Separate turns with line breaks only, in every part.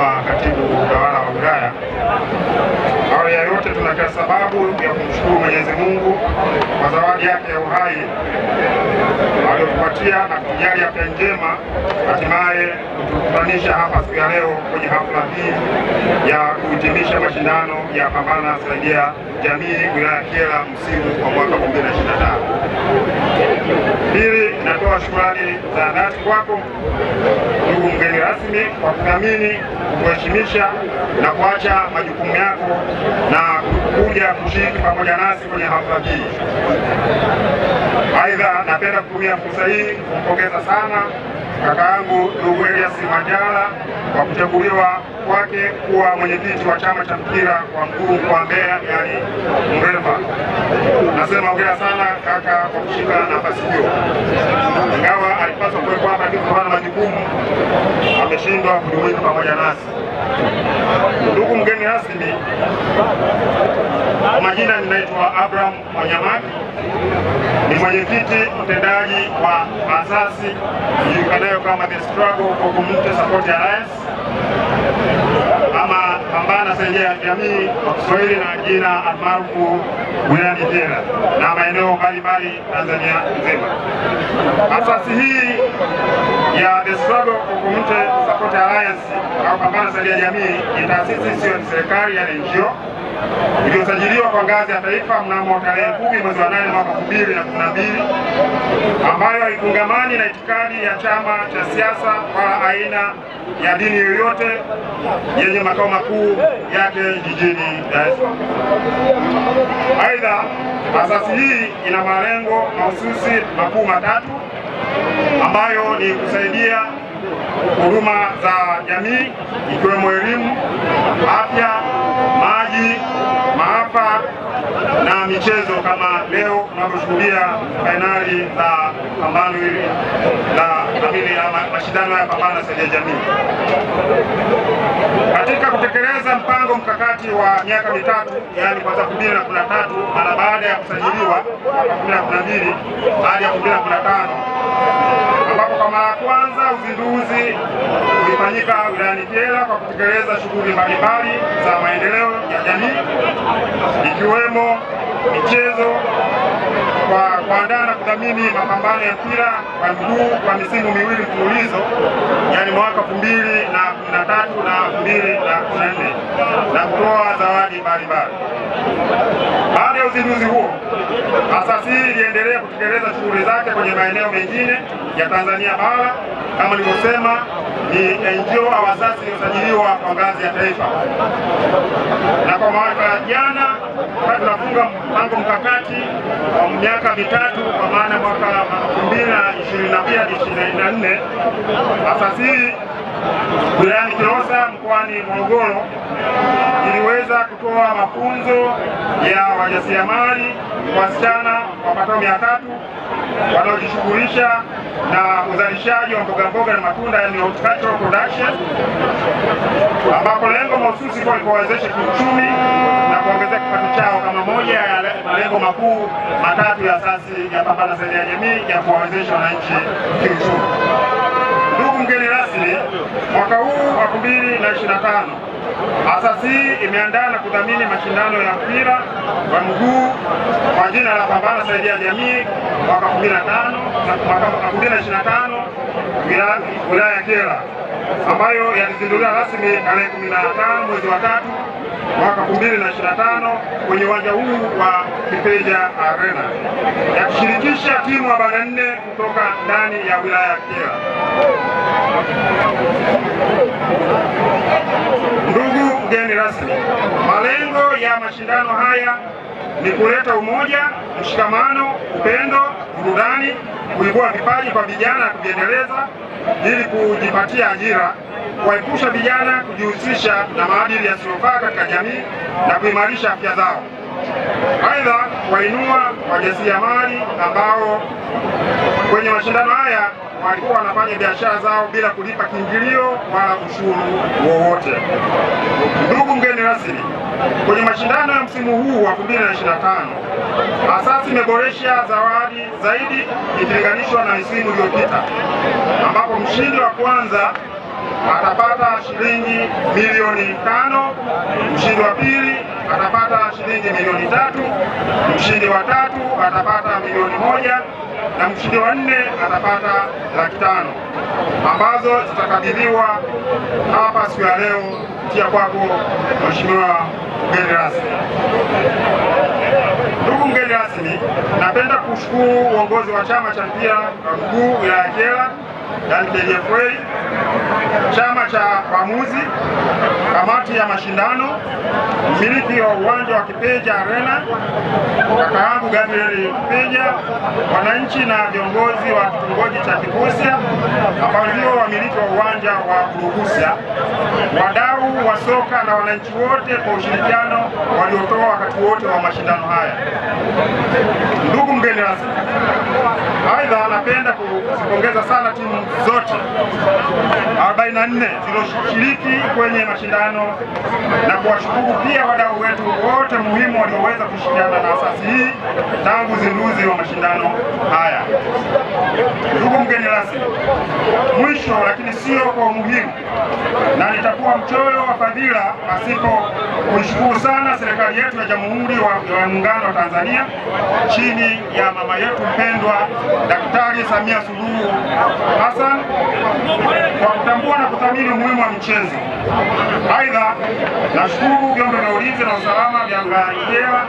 Mheshimiwa Katibu Utawala wa Wilaya, awali ya yote tuna sababu ya kumshukuru Mwenyezi Mungu kwa zawadi yake ya uhai aliyotupatia na kujali afya njema, hatimaye kutukutanisha hapa siku ya leo kwenye hafla hii ya kuhitimisha mashindano ya Pambana Saidia Jamii wilaya Kyela msimu wa mwaka 2025. Pili, natoa shukrani za dhati kwako kushukuru mgeni rasmi kwa kudhamini, kuheshimisha na kuacha majukumu yako na kuja kushiriki pamoja nasi kwenye hafla hii. Aidha, napenda kutumia fursa hii kumpongeza sana kaka yangu ndugu Elias Manjala kwa kuchaguliwa kwake kuwa mwenyekiti wa chama cha mpira wa mguu kwa Mbeya, yani Mrema. Nasema hongera sana kaka kwa kushika nafasi hiyo alipaswa kuwepo hapa, lakini kutokana na majukumu ameshindwa kujumuika pamoja nasi. Ndugu mgeni rasmi, kwa majina ninaitwa Abraham Wanyamaki, ni mwenyekiti mtendaji wa asasi ijulikanayo kama The Struggle for Community Support Alliance anasaidia jamii kwa Kiswahili na jina almaarufu wilayani Kyela na maeneo mbalimbali Tanzania nzima. Asasi hii ya The Struggle Community Support Alliance au pambana zaidi ya jamii ni taasisi isiyo ya serikali ya NGO iliyosajiliwa kwa ngazi ya taifa mnamo tarehe kumi mwezi wa nane mwaka elfu mbili na kumi na mbili ambayo haifungamani na itikadi ya chama cha siasa wala aina ya dini yoyote yenye makao makuu yake jijini Dar es Salaam. Aidha, asasi hii ina malengo mahususi makuu matatu ambayo ni kusaidia huduma za jamii ikiwemo elimu, afya, maji, maafa na michezo kama leo tunavyoshuhudia fainali za pambano hili la amini ya mashindano ya pambano na saidia jamii katika kutekeleza mpango mkakati wa miaka mitatu yaani kuanzia tatu mara baada ya kusajiliwa mwaka 2012 hadi tano ambapo kwa mara ya kwanza uzinduzi ulifanyika wilayani Kyela kwa kutekeleza shughuli mbalimbali za maendeleo ya jamii ikiwemo michezo kwa kuandaa na kudhamini mapambano ya mpira wa miguu kwa misimu miwili mfululizo, yani mwaka 2013 na 2014 na kutoa zawadi mbalimbali. Baada ya uzinduzi huo, asasi hii iliendelea kutekeleza shughuli zake kwenye maeneo mengine ya Tanzania bara kama nilivyosema ni NGO au asasi iliyosajiliwa kwa ngazi ya taifa, na kwa mwaka jana sasa tunafunga mpango mkakati wa miaka mitatu kwa maana mwaka 2022-2024 asasi hii wilayani Kilosa mkoani Morogoro iliweza kutoa mafunzo ya wajasiriamali wasichana wapatao mia tatu wanaojishughulisha na uzalishaji wa mboga mboga na matunda yani horticultural production, ambapo lengo mahususi kwa kuwawezesha kiuchumi na kuongezea kipato chao kama moja ya malengo makuu matatu ya asasi ya Pambana Zaidi ya Jamii ya kuwawezesha wananchi kiuchumi. Ndugu mgeni rasmi, mwaka huu wa 2025 Asasi imeandaa na kudhamini mashindano ya mpira wa mguu kwa jina la Pambana Saidia Jamii mwaka 2025 wilaya ya Kyela ambayo yalizinduliwa rasmi tarehe 15 mwezi wa tatu mwaka 2025 kwenye uwanja huu wa Kipeja Arena yakishirikisha timu arobaini na nne kutoka ndani ya wilaya ya Kyela. Mgeni rasmi, malengo ya mashindano haya ni kuleta umoja, mshikamano, upendo, burudani, kuibua vipaji kwa vijana ya kujiendeleza ili kujipatia ajira, kuwaepusha vijana kujihusisha na maadili yasiyofaa katika jamii na kuimarisha afya zao. Aidha, wainua wajasiriamali ambao kwenye mashindano haya walikuwa wanafanya biashara zao bila kulipa kiingilio wala ushuru wowote. Ndugu mgeni rasmi, kwenye mashindano ya msimu huu wa 2025 Asasi imeboresha zawadi zaidi ikilinganishwa na misimu iliyopita, ambapo mshindi wa kwanza atapata shilingi milioni tano, mshindi wa pili atapata shilingi milioni tatu, mshindi wa tatu atapata milioni moja na mshindi wa nne atapata laki tano ambazo zitakabidhiwa hapa siku ya leo kupitia kwako Mheshimiwa mgeni rasmi. Ndugu mgeni rasmi, napenda kushukuru uongozi wa chama cha mpira wa mkuu wilaya Kyela, yani KDFA chama cha waamuzi, kamati ya mashindano, mmiliki wa uwanja wa Kipeja Arena kaka yangu Gabriel Kipeja, wananchi na viongozi wa kitongoji cha Kikusia ambao ndio wamiliki wa uwanja wa Bulugusya, wadau wa soka na wananchi wote kwa ushirikiano waliotoa wakati wote wa mashindano haya. Ndugu mgeni rasmi, aidha, napenda kuzipongeza sana timu zote 44 zilizoshiriki kwenye mashindano na kuwashukuru pia wadau wetu wote muhimu walioweza kushirikiana na asasi hii tangu uzinduzi wa mashindano haya. Ndugu mgeni rasmi mwisho lakini sio kwa umuhimu, na nitakuwa mchoyo wa fadhila pasipo kuishukuru sana serikali yetu ya Jamhuri ya Muungano wa Tanzania chini ya mama yetu mpendwa Daktari Samia Suluhu Hassan kwa kutambua na kuthamini umuhimu wa michezo. Aidha, nashukuru vyombo vya ulinzi na usalama vya Mbeya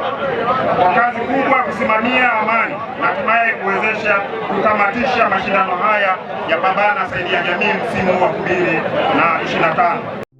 kwa kazi kubwa kusimamia amani na hatimaye kuwezesha kutamatisha mashindano haya ya Pambana Saidia Jamii msimu wa 2025.